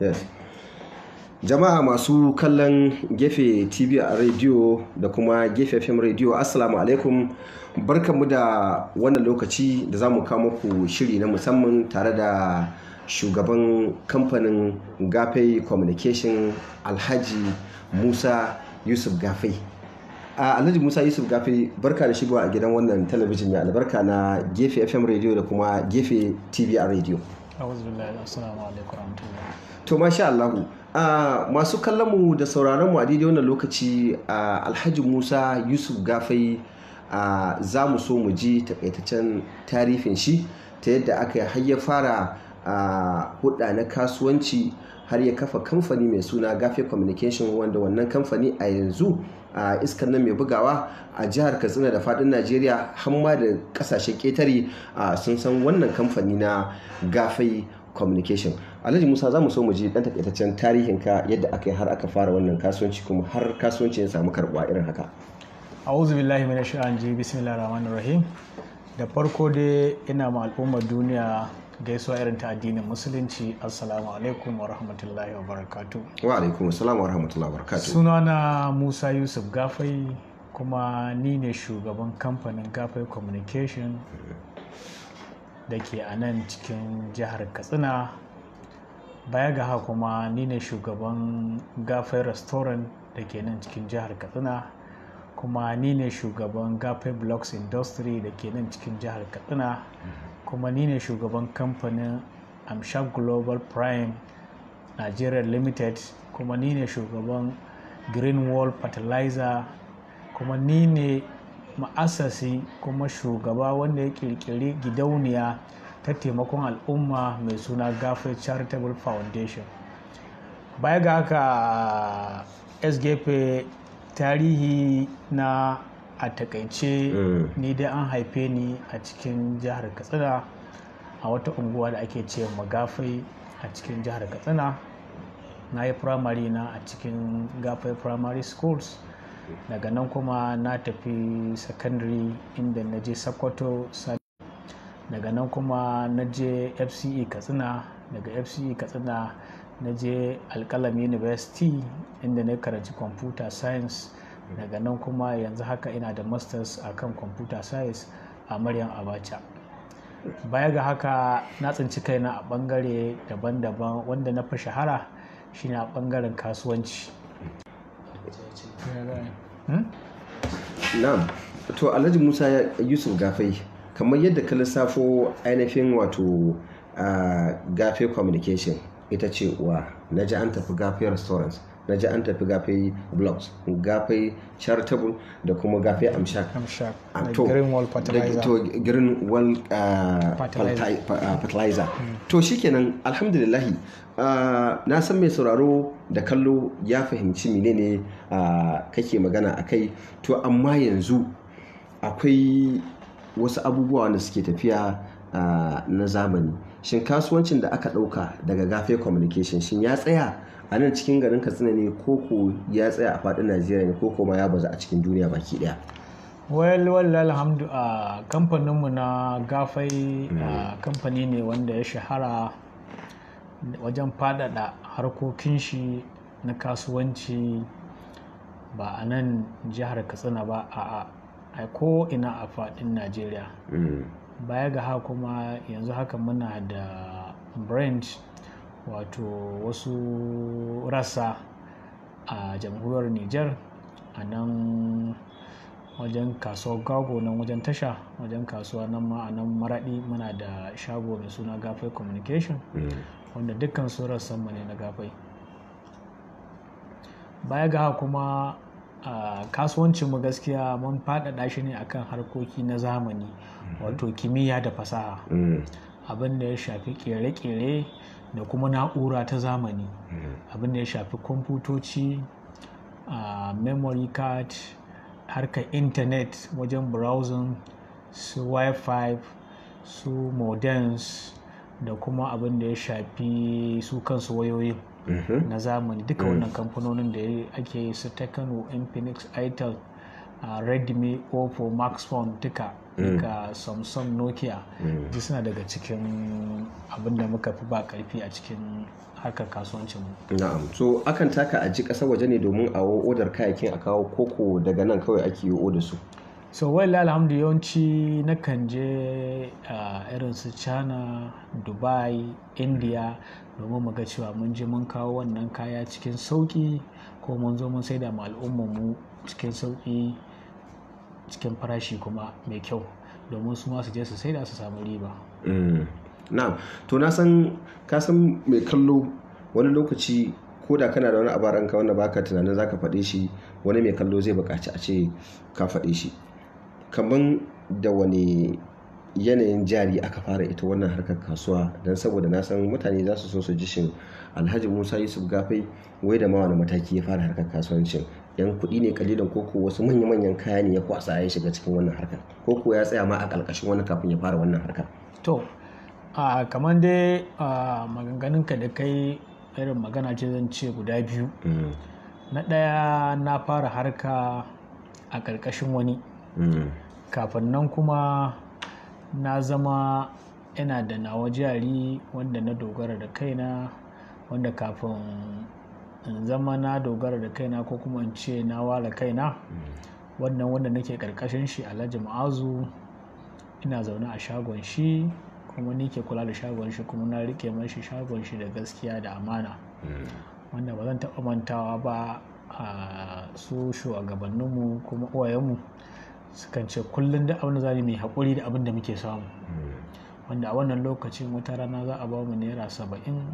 yes jama'a masu kallon gefe tv a rediyo da kuma gefe fm rediyo assalamu alaikum barkanmu da wannan lokaci da za mu kawo muku shiri na musamman tare da shugaban kamfanin gafe communication alhaji musa yusuf gafai a alhaji musa yusuf gafai barka da shigowa a gidan wannan talabijin mai albarka na gefe fm rediyo da kuma gefe tv a rediyo to masha Allahu masu kallon mu da sauraron mu a daidai wannan lokaci alhaji musa yusuf gafai za mu so mu ji takaitaccen tarihin shi ta yadda aka yi har ya fara a hudda na kasuwanci har ya kafa kamfani mai suna gafe communication wanda wannan kamfani a yanzu a iskar nan mai bugawa a jihar katsina da fadin najeriya hamma da kasashen ketare sun san wannan kamfani na gafe communication alhaji musa za mu so mu ji dan takaitaccen tarihin ka yadda aka yi har aka fara wannan kasuwanci kuma har kasuwanci ya samu karbuwa irin haka a'udhu billahi minash shaitanir bismillahir rahmanir rahim da farko dai ina ma al'ummar duniya gaisuwa irin ta addinin musulunci assalamu alaikum wa rahmatullahi wa barakatu wa alaikum assalamu wa rahmatullahi wa barakatu na musa yusuf gafai kuma ni ne shugaban kamfanin gafai communication da ke a nan cikin jihar katsina baya ga haka kuma ni ne shugaban gafai restaurant da ke nan cikin jihar katsina kuma ni ne shugaban gafai blocks industry da ke nan cikin jihar katsina kuma ni ne shugaban kamfanin amshak global prime nigeria limited kuma ni ne shugaban green wall fertilizer kuma ni ne ma'asasi kuma shugaba wanda ya kirkiri gidauniya ta taimakon al'umma mai suna gafe charitable foundation baya ga haka sgp tarihi na a takaice mm. ni dai an haife ni a cikin jihar katsina a wata unguwa da ake ce magafai a cikin jihar katsina na yi firamare na a cikin gafai primary schools daga nan kuma na tafi secondary inda na je sakwato daga nan kuma na je fce katsina daga fce katsina na je alkalam university inda na karanci computer science Mhm. daga nan kuma yanzu haka ina da masters a kan computer science a maryam abacha baya ga haka na tsinci kaina a bangare daban-daban wanda na fi shahara shine a bangaren kasuwanci hmm? na'am to alhaji musa yusuf gafai kamar yadda ka lissafo ainihin wato ah, gafe communication ita ce wa na ji an tafi gafe restaurants na ji an tafi gafe blocks gafe charitable da kuma gafe amshak ah, to green wall fertilizer to ah, ah, hmm. shikenan alhamdulillahi na san mai sauraro da kallo ya fahimci menene kake magana a kai to amma yanzu akwai wasu abubuwa wanda suke tafiya na zamani shin kasuwancin da aka ɗauka daga gafe communication shin ya tsaya a nan cikin garin katsina ne koko ya tsaya a faɗin najeriya ne koko ma ya bazu a cikin duniya baki ɗaya well well alhamdu a kamfaninmu na gafai hmm. a kamfani ne wanda ya shahara wajen faɗaɗa harkokin shi na kasuwanci ba a nan jihar katsina ba a a ko ina a faɗin najeriya hmm. baya ga haka kuma yanzu haka muna da branch wato wasu rasa a jamhuriyar niger a nan wajen kasuwar gago nan wajen tasha wajen kasuwa nan ma a nan maraɗi muna da shago mai suna gafai communication hmm. wanda dukkan su rasa mu ne na gafai baya ga kuma kasuwancin mu gaskiya mun faɗaɗa shi ne akan harkoki na zamani hmm. wato kimiyya da fasaha hmm. abin da ya shafi kere-kere da kuma na'ura ta zamani hmm. abin da ya shafi kwamfutoci memory card harka intanet wajen browsing su wi-fi su modems da kuma abin da ya shafi su kansu wayoyi mm-hmm. na zamani duka mm. wannan kamfanonin da ake yi su ta kano infinix itel a redmi oppo max phone duka daga mm. samsung nokia mm. suna daga cikin abin da muka fi ba karfi a cikin harkar kasuwancinmu na'am so akan taka a ji ƙasar waje ne domin a odar kayakin a kawo koko daga nan kawai ake yi odar su so well alhamdu yawanci na kan je uh, irin su china dubai india domin mu cewa mun je mun kawo wannan kaya cikin sauki ko mun zo mun sai da al'ummar mu cikin sauki cikin farashi kuma mai kyau domin su ma su je su sai da su samu riba mm. na to na san ka san mai kallo wani lokaci ko da kana da wani abaranka wanda baka tunanin zaka faɗe shi wani mai kallo zai buƙaci a ce ka faɗe shi kamar da wani yanayin jari aka fara ita wannan harkar kasuwa don saboda na san mutane za su so su ji shin alhaji musa yusuf gafai wai da ma wani mataki ya fara harkar kasuwancin yan kuɗi ne kalilan ko wasu manya manyan kaya ne ya kwasa ya shiga cikin wannan harkar ko ko ya tsaya ma a ƙarƙashin wani kafin ya fara wannan harkar to a kamar dai maganganunka da kai irin magana ce zan ce guda biyu mm. na ɗaya na fara harka a ƙarƙashin wani mm. kafin nan kuma na zama yana da nawa jari wanda na dogara da kaina wanda kafin in zama na dogara da kaina ko kuma in ce na ware kaina wannan wanda nake karkashin shi alhaji ma'azu ina zaune a shagon shi kuma ni ke kula da shagon shi kuma na rike mashi shagon shi da gaskiya da amana wanda ba zan taɓa mantawa ba a su shugabanninmu kuma uwayenmu sukan ce kullum da abin da zai mai haƙuri da abin da muke samu wanda a wannan lokacin wata rana za a ba mu naira saba'in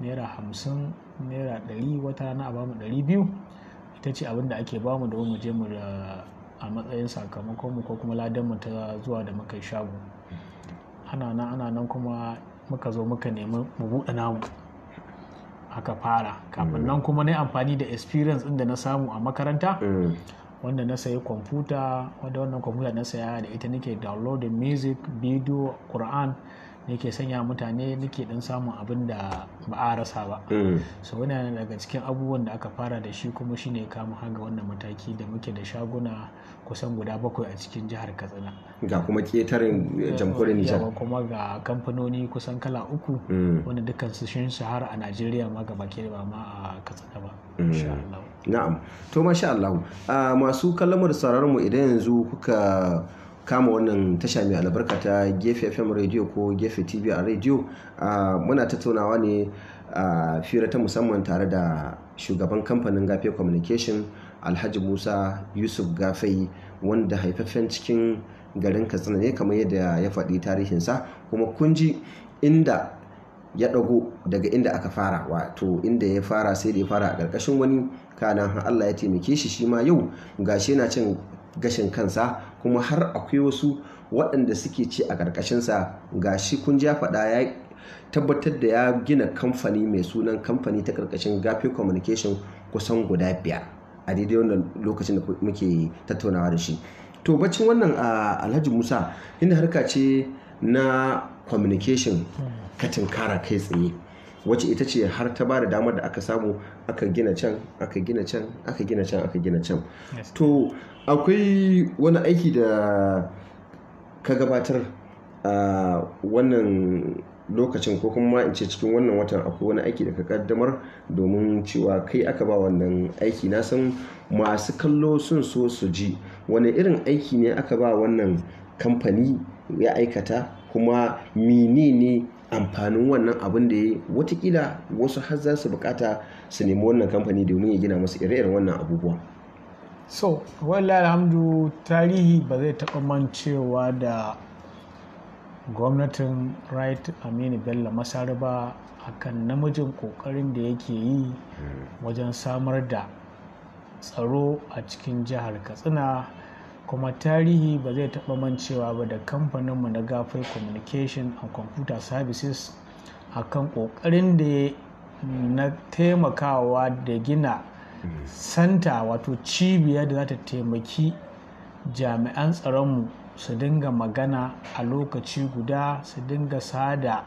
naira hamsin naira ɗari wata rana a bamu ɗari biyu ita ce abin da ake bamu domin mu je mu eh, a matsayin sakamakon mu ko kuma ladan mu ta zuwa da muka shago ana nan ana nan kuma muka zo muka nemi mu buɗe namu aka fara kafin nan kuma na amfani da experience ɗin da na samu a makaranta wanda na sayi kwamfuta wanda wannan kwamfuta na saya da ita nake downloading music video Qur'an nake sanya mutane nake dan samun abin da ba a rasa ba mm. so wani daga cikin abubuwan da aka fara da shi kuma shine kama haga wannan mataki da muke da shaguna kusan guda bakwai a cikin jihar katsina ga kuma ketaren jamhuriyar nijar kuma ga kamfanoni kusan kala uku mm. wanda dukkan su shin shahara a najeriya ma gaba ke ba ma a katsina ba mm. na'am to masha Allah ah, masu kallamar sararmu idan yanzu kuka kama wannan tasha mai albarka ta gefe fm radio ko gefe tv a radio muna tattaunawa ne a fira ta musamman tare da shugaban kamfanin gafe communication alhaji musa yusuf gafai wanda haifaffen cikin garin katsina ne kamar yadda ya faɗi tarihinsa kuma kunji inda ya ɗago daga inda aka fara wato inda ya fara sai da ya fara a ƙarƙashin wani kanan Allah ya taimake shi shi ma yau gashi yana cin gashin kansa kuma har akwai wasu waɗanda suke ci a ƙarƙashinsa ga shi kun ja faɗa ya tabbatar da ya gina kamfani mai sunan kamfani ta ƙarƙashin gafe communication kusan guda biyar a daidai wannan lokacin da muke tattaunawa da shi to bacin wannan a alhaji musa inda harka ce na communication katin tunkara kai tsaye wacce ita ce har ta ba da damar da aka samu aka gina can aka gina can aka gina can aka gina can to akwai wani aiki da ka gabatar a wannan lokacin ko kuma in ce cikin wannan watan akwai wani aiki da ka kaddamar domin cewa kai aka ba wannan aiki na san masu kallo sun so su ji wani irin aiki ne aka ba wannan kamfani ya aikata kuma menene amfanin wannan abin da ya yi watakila wasu har za su bukata su nemi wannan kamfani domin ya gina masu ire-iren wannan abubuwa so wallahi alhamdu tarihi ba zai taɓa mancewa da gwamnatin right aminu bello masar ba akan namijin ƙoƙarin da yake yi hmm. wajen samar da tsaro a cikin jihar katsina kuma tarihi ba zai taɓa mancewa ba da kamfaninmu na gafai communication and computer services a kan ƙoƙarin da ya na taimakawa da gina santa wato cibiya da za ta taimaki jami'an tsaronmu su dinga magana a lokaci guda su dinga sada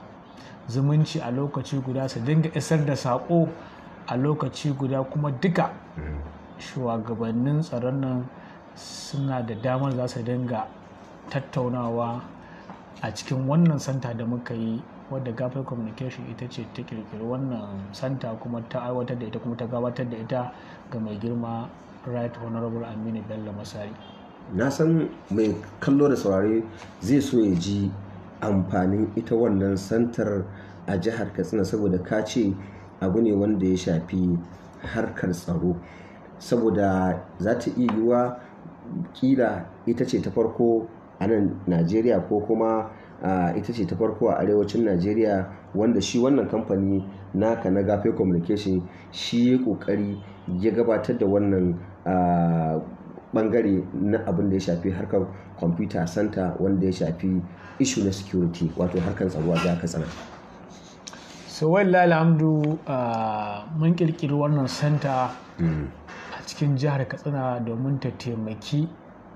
zumunci a lokaci guda su dinga isar da saƙo a lokaci guda kuma duka mm. shugabannin tsaron nan suna da damar za su dinga tattaunawa a cikin wannan santa da muka yi wadda gafai communication ita ce ta kirkiri wannan santa kuma ta aiwatar da ita kuma ta gabatar da ita ga mai girma right honorable aminu bello masari na san mai kallo da saurari zai so ya ji amfanin ita wannan santar a jihar katsina saboda ka ce abu ne wanda ya shafi harkar tsaro saboda za ta iya yiwuwa kila ita ce ta farko a nan najeriya ko kuma ita ce ta farko a arewacin najeriya wanda shi wannan kamfani naka na gafe communication shi ya kokari ya gabatar da wannan bangare na abin da ya shafi harkar computer center wanda ya shafi ishu na security wato harkar tsaro a ka katsina so wallahi alhamdu mun kirkiri wannan center hmm. cikin jihar katsina domin ta taimaki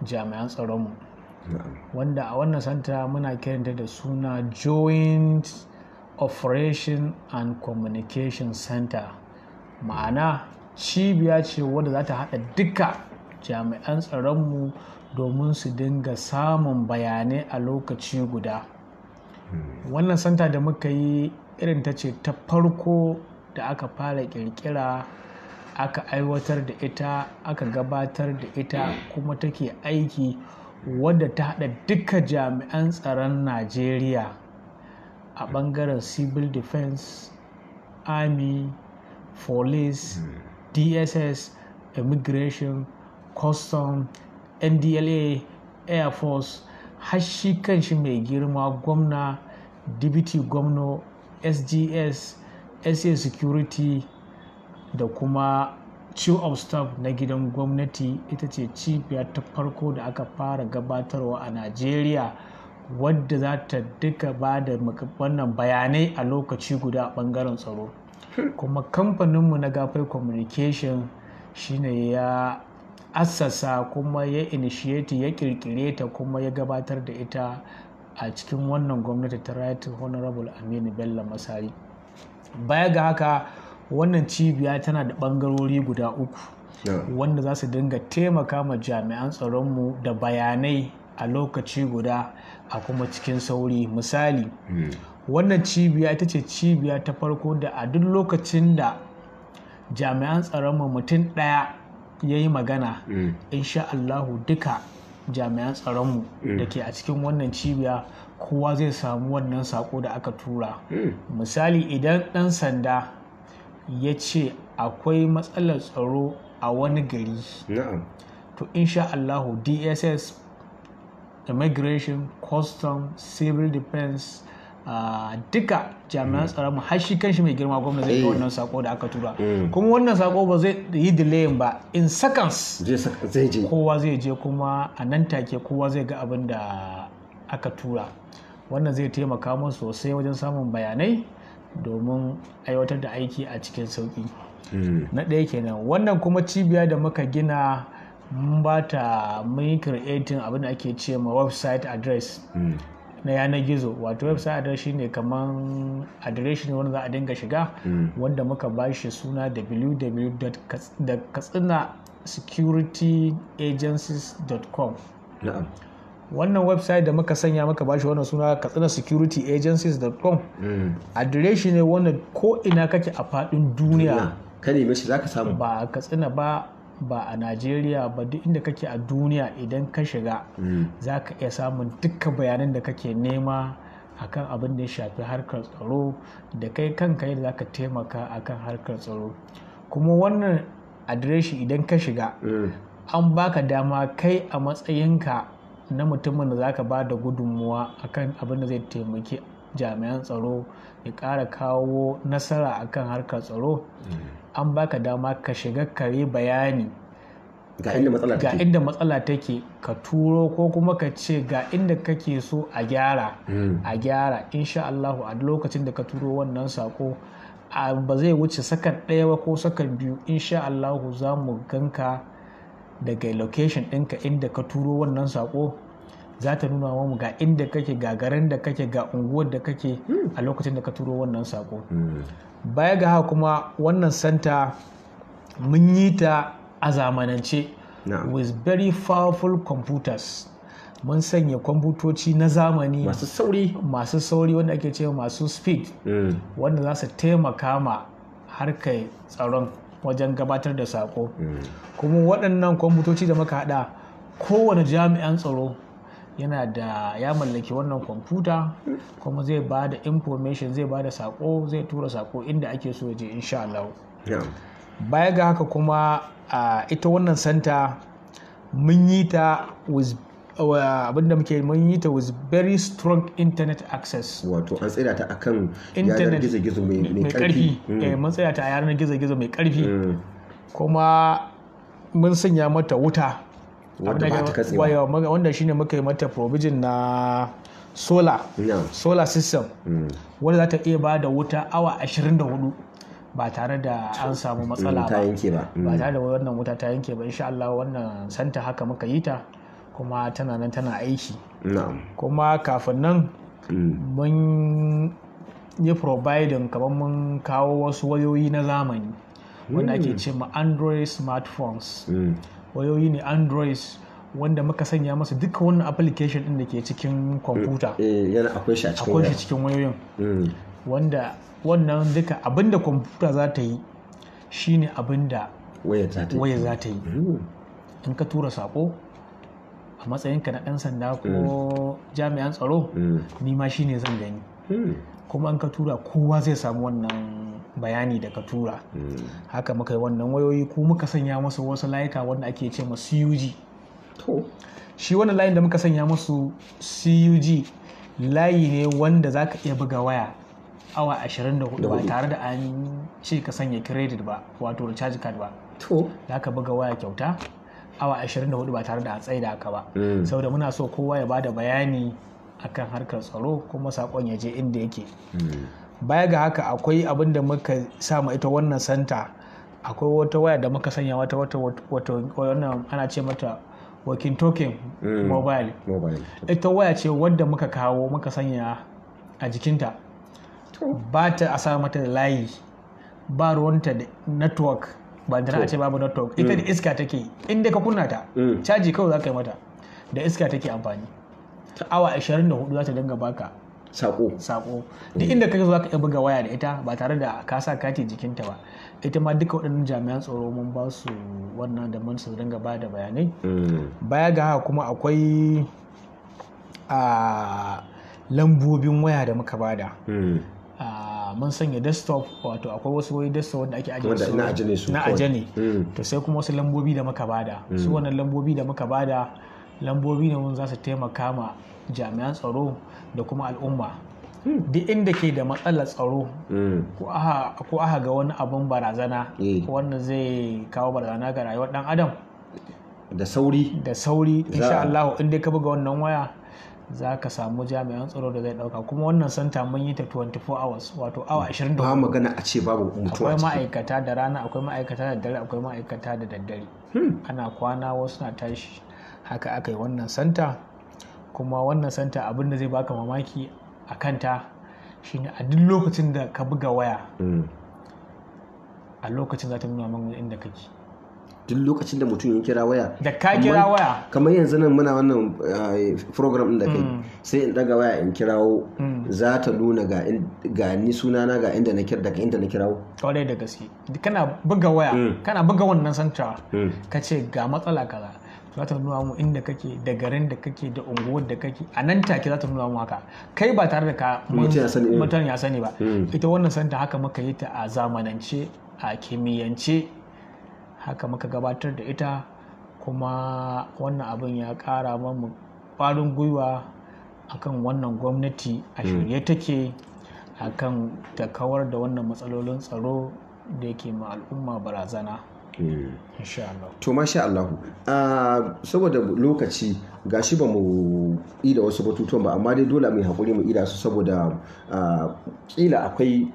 jami'an tsaronmu wanda a wannan santa muna kiranta da suna joint operation and communication center ma'ana cibiya ce wadda za ta haɗa duka jami'an tsaronmu domin su dinga samun bayanai a lokaci guda hmm. wannan santa da muka yi irin ta ce ta farko da aka fara kirkira aka aiwatar da ita aka gabatar da ita kuma take aiki wadda ta haɗa duka jami'an tsaron najeriya a ɓangaren civil defense army police hmm. dss immigration custom ndla air force har shi kanshi mai girma gwamna dbt Gwamno, sgs sa security da kuma chief of staff na gidan gwamnati ita ce cibiyar ta farko da aka fara gabatarwa a najeriya wadda za ta duka ba da wannan bayanai a lokaci guda ɓangaren bangaren tsaro kuma kamfaninmu na gafai communication shine ya assasa kuma ya initiate ya kirkire ta kuma ya gabatar da ita a cikin wannan gwamnati ta right honorable aminu bello masari baya ga haka wannan cibiya tana da ɓangarori guda uku wanda za su dinga taimaka ma jami'an tsaronmu da bayanai a lokaci guda a kuma cikin sauri misali hmm. wannan cibiya ita ce cibiya ta farko da a duk lokacin da jami'an tsaronmu mutum ɗaya ya yi magana hmm. insha Allahu duka jami'an tsaronmu hmm. da ke a cikin wannan cibiya kowa zai samu wannan sako da aka tura misali idan ɗan sanda ya ce akwai matsalar tsaro a wani gari to insha Allahu dss immigration custom civil defense ah, duka jami'an mm. tsaron har shi kanshi mai girma gwamna zai yi eh. wannan sako da aka tura mm. kuma wannan sako ba zai yi delayin ba in seconds zai je kowa zai je kuma a nan take kowa zai ga abin da aka tura wannan zai taimaka musu sosai wajen samun bayanai domin aiwatar da aiki a cikin sauƙi hmm. na ɗaya kenan wannan kuma cibiya da muka gina mun ba ta mun creating abin da ake ce ma website address hmm. na yanar gizo wato website address shine kaman adireshin wanda za a dinga shiga hmm. wanda muka ba shi suna www.katsina security wannan website da muka sanya muka bashi wannan suna katsina security-agencies.com hmm. adireshi ne wannan ko ina kake a faɗin duniya ka mashi za ka samu ba katsina ba ba a najeriya ba duk inda kake a duniya idan ka shiga hmm. za ka iya samun duka bayanan da kake nema akan abin da ya shafi harkar tsaro da kai kanka yadda za ka taimaka akan harkar tsaro kuma wannan adireshi idan ka shiga hmm. an baka dama kai a matsayinka na mutumin da zaka ba da gudunmuwa akan abin da zai taimaki jami'an tsaro ya ƙara kawo nasara akan harkar tsaro mm. an baka dama ka shiga kare bayani ga inda matsala take ka turo ko kuma ka ce ga inda kake so a gyara mm. a gyara insha Allahu a lokacin da ka turo wannan sako ba zai wuce sakan ɗaya ba ko sakan biyu insha Allahu za mu ganka daga location ɗinka inda ka turo wannan sako za ta nuna wa mu ga inda kake ga garin da kake ga unguwar da kake a lokacin da ka turo wannan sako. Hmm. baya ga haka kuma wannan santa mun yi ta a zamanance with very powerful computers mun sanya kwamfutoci na zamani masu sauri masu sauri wanda ake cewa masu speed hmm. wanda za su taimaka ma harkar tsaron wajen gabatar da sako hmm. kuma waɗannan kwamfutoci da muka haɗa kowane jami'an tsaro yana da ya mallaki wannan kwamfuta kuma zai ba da information zai ba da sako zai tura sako inda ake so ya je insha Allah baya ga haka kuma ita wannan santa mun yi ta with abin da muke mun yi ta was very strong internet access wato an tsira ta akan yanar gizo-gizo mai karfi mm. eh, mun tsira ta a yanar gizo-gizo mai karfi mm. kuma mun sanya mata wuta wanda shine muka yi mata provision na solar solar system mm. wanda za ta iya ba da wuta awa 24 ba tare da an samu matsala ba ba tare da wannan wuta ta yanke ba insha Allah wannan santa haka muka yi ta kuma tana nan tana aiki kuma kafin nan mm. mun yi providing kamar mun kawo wasu wayoyi na zamani wanda ake mm. ce ma android smartphones mm. wayoyi ne android wanda muka sanya masa duka wannan application din da ke cikin kwamfuta eh, yana akwai shi a cikin akwai shi cikin wayoyin wanda wannan duka abinda kwamfuta za ta yi shine abinda waya za ta yi in ka tura sako a matsayinka na ɗan sanda ko hmm. jami'an tsaro hmm. ni ma shine zan gani hmm. kuma an ka tura kowa zai samu wannan bayani da ka tura haka muka yi wannan wayoyi ko muka sanya masu wasu layuka wanda ake ce ma cug shi wannan layin da muka sanya masu cug layi ne wanda za ka iya buga waya awa 24 ba tare da an ce ka sanya credit ba wato recharge card ba to za ka buga waya kyauta awa 24 ba tare da tsaye da aka ba mm. saboda muna so kowa ya bada bayani akan harkar tsaro kuma sakon ya je inda yake mm. baya ga haka akwai abin da muka sama ita wannan santa akwai wata waya da muka sanya wata wata wata wannan ana ce mata walking token mm. mobile ita waya ce wadda muka kawo muka sanya a jikinta ba ta a sa mata da layi ba ruwanta da network ba da a ce babu network mm. ita da iska take inda ka kunna ta mm. caji kawai za ka yi mata da iska take amfani awa 24 za ta dinga baka sako sako mm. duk inda ka zo ka iya buga waya da ita ba tare da ka sa kati jikinta ba ita ma duka waɗannan jami'an tsaro mun ba su wannan da mun su dinga ba da bayanai baya ga haka kuma akwai a ah, lambobin waya da muka bada mun sanya desktop wato akwai wasu wani desktop wanda ake ajiye su na aje ne hmm. to sai kuma wasu lambobi da muka bada hmm. su wannan lambobi da muka bada lambobi ne wanda za su taimaka ma jami'an tsaro da kuma al'umma hmm. duk inda ke da matsalar tsaro ko aha ga wani abun barazana eh. wanda zai kawo barazana ga rayuwar dan adam da sauri da sauri insha Allah in dai ka buga wannan waya za ka samu jami'an tsaro da zai dauka kuma wannan santa mun yi ta 24 hours wato awa 24 ba magana a ce babu mutuwa akwai ma'aikata da rana akwai ma'aikata da dare akwai ma'aikata da daddare hmm. ana kwana wasu na tashi haka aka yi wannan santa kuma wannan santa abin da zai baka mamaki a kanta shine a duk lokacin da ka buga waya hmm. a lokacin za ta nuna mana inda kake duk lokacin da mutum ya kira waya da ka kira waya kamar yanzu nan muna wannan eh, program din da kai mm. sai in daga waya in kirawo mm. za ta nuna ga ga ni sunana ga inda na kira daga inda na kirawo kwarai da gaske kana buga waya mm. kana buga wannan santa ka ce ga matsala kaza za ta nuna mu inda kake da garin da kake da unguwar da kake a nan take za ta nuna mu haka kai ba tare da ka mutane ya sani ba ita wannan santa haka muka yi ta a zamanance a kimiyyance haka muka gabatar da ita kuma wannan abin ya kara mamu kwarin gwiwa akan wannan gwamnati a hmm. shirye take akan ta kawar da wannan matsalolin tsaro da yake ma al'umma barazana hmm. to masha Allahu ah, saboda lokaci gashi ba mu ida wasu batutuwan ba amma dai dole mai haƙuri mu ida su saboda kila ah, akwai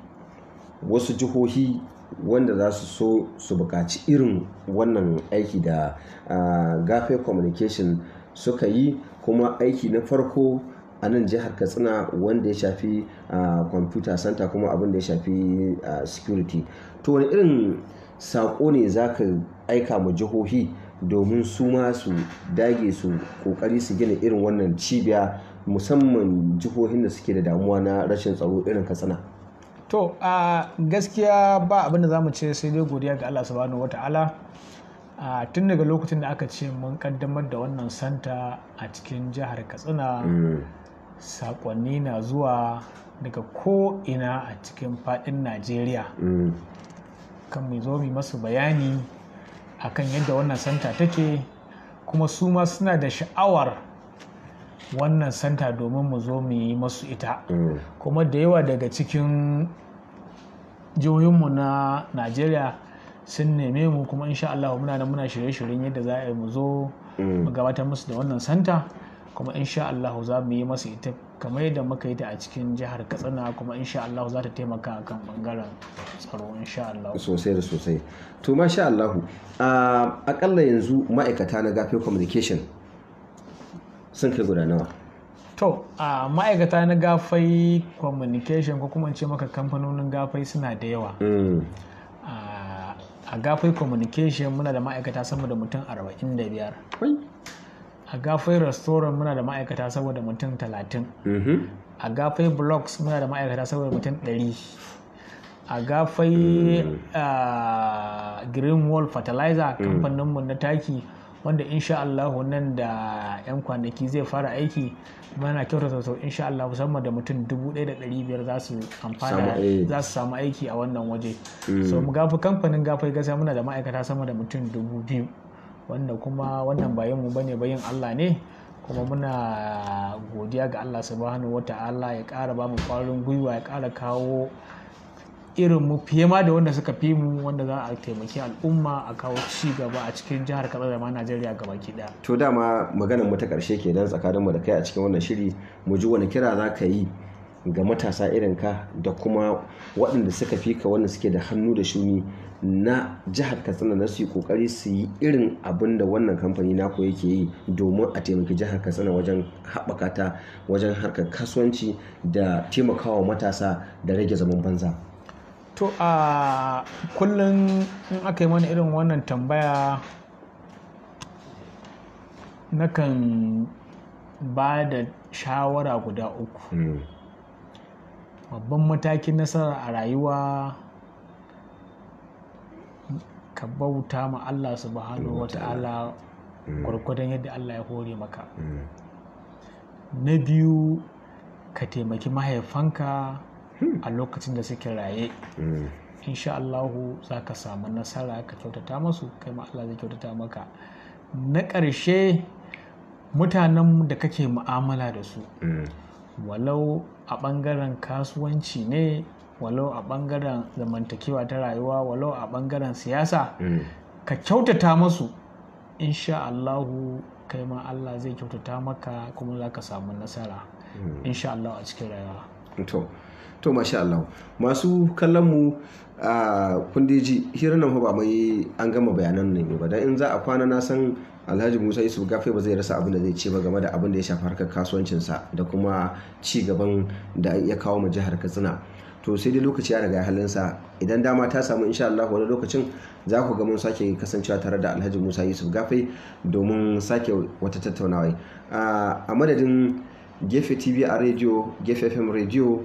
wasu jihohi wanda za su so su bukaci irin wannan aiki da ah, gafe communication suka yi kuma aiki na farko a nan jihar katsina wanda ya shafi ah, computer center kuma abin da ya shafi ah, security to wani irin saƙo ne za ka aika ma jihohi domin su ma su dage su kokari su gina irin wannan cibiya musamman jihohin da suke da damuwa na rashin tsaro irin katsina to a gaskiya ba abin da zamu ce sai dai godiya ga Allah subhanahu wata'ala a tun daga lokacin da aka ce mun kaddamar da wannan santa a cikin jihar katsina mm. sakonni na zuwa daga ko ina a cikin fadin najeriya mm. kan mai zo mu masu bayani akan yadda wannan santa take kuma su ma suna da sha'awar wannan santa domin mu zo mu yi masu ita mm. kuma da yawa daga cikin jihohinmu na najeriya sun neme mu kuma insha Allah muna da muna shirye-shiryen yadda za a yi mu zo mm. mu gabatar musu da wannan santa kuma insha Allah za mu yi masu ita kamar yadda muka yi ta a cikin jihar katsina kuma insha Allah za ta taimaka a kan bangaren tsaro insha Allah sosai da sosai to masha Allah akalla ah, yanzu ma'aikata na gafe communication sun kai guda nawa to a ma'aikata na gafai communication ko kuma ce maka kamfanonin gafai suna da yawa mm. a gafai communication muna da ma'aikata sama da mutum 45 a gafai restaurant muna da ma'aikata saboda mutum 30 mm-hmm. a gafai blogs muna da ma'aikata saboda mutum 100 a gafai mm. green wall fertilizer kamfaninmu na taki wanda insha Allah nan da 'yan kwanaki zai fara aiki mana kyautata in insha Allah musamman da mutum 1,500 za su amfana za su samu aiki a wannan waje mm. so mu gafi kamfanin gafai gasa muna da ma'aikata sama da mutum 2,000 wanda kuma wannan bayan mu bane bayan Allah ne kuma muna godiya ga Allah subhanahu wata'ala ya kara ba mu kwarin gwiwa ya kara kawo irin mu fiye ma da wanda suka fi mu wanda za a taimaki al'umma a kawo ci gaba a cikin jihar Katsina da ma Najeriya ki daya. To dama maganar mu ta karshe kenan tsakanin mu da kai a cikin wannan shiri mu ji wani kira za ka yi ga matasa irin ka da kuma waɗanda suka fi ka wanda suke da hannu da shuni na jihar katsina na su yi kokari su yi irin abin da wannan kamfani na naku yake yi domin a taimaki jihar katsina wajen haɓaka ta wajen harkar kasuwanci da taimakawa matasa da rage zaman banza to a kullum in aka yi mana irin wannan tambaya nakan ba da shawara guda uku hmm. babban matakin nasara a rayuwa ka bauta ma Allah subhanahu wata'ala hmm. gwargwadon yadda Allah ya hore maka hmm. na biyu ka taimaki mahaifanka Hmm. a lokacin da suke raye hmm. insha Allahu za ka samu nasara ka kyautata masu kai ma Allah zai kyautata maka na ƙarshe mutanen da kake mu'amala da su hmm. walau a ɓangaren kasuwanci ne walau a ɓangaren zamantakewa ta rayuwa walau a ɓangaren siyasa ka kyautata masu insha Allahu kai ma Allah zai kyautata maka kuma za ka samu nasara insha Allahu a cikin rayuwa to masha Allah masu kallon mu a kundiji hirar nan ba mai an gama bayanan nan ba dan in za a kwana na san Alhaji Musa Yusuf Gafe ba zai rasa abin da zai ce ba game da abin da ya shafi harkar kasuwancinsa da kuma ci gaban da ya kawo mu jihar Katsina to sai dai lokaci ya riga sa idan dama ta samu insha Allah wani lokacin za ku ga mun sake kasancewa tare da Alhaji Musa Yusuf Gafe domin sake wata tattaunawa a madadin gefe TV a rediyo gefe FM rediyo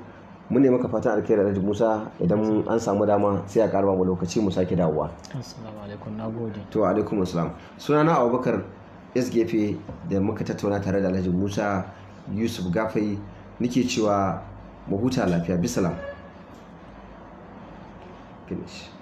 mu ne maka fatan alkhairi Alhaji Musa idan an samu dama sai a karba mu lokaci mu sake dawowa assalamu alaikum nagode to alaikum assalam sunana Abubakar SGF da muka tattauna tare da Alhaji Musa Yusuf Gafai nake cewa mu huta lafiya bisalam finish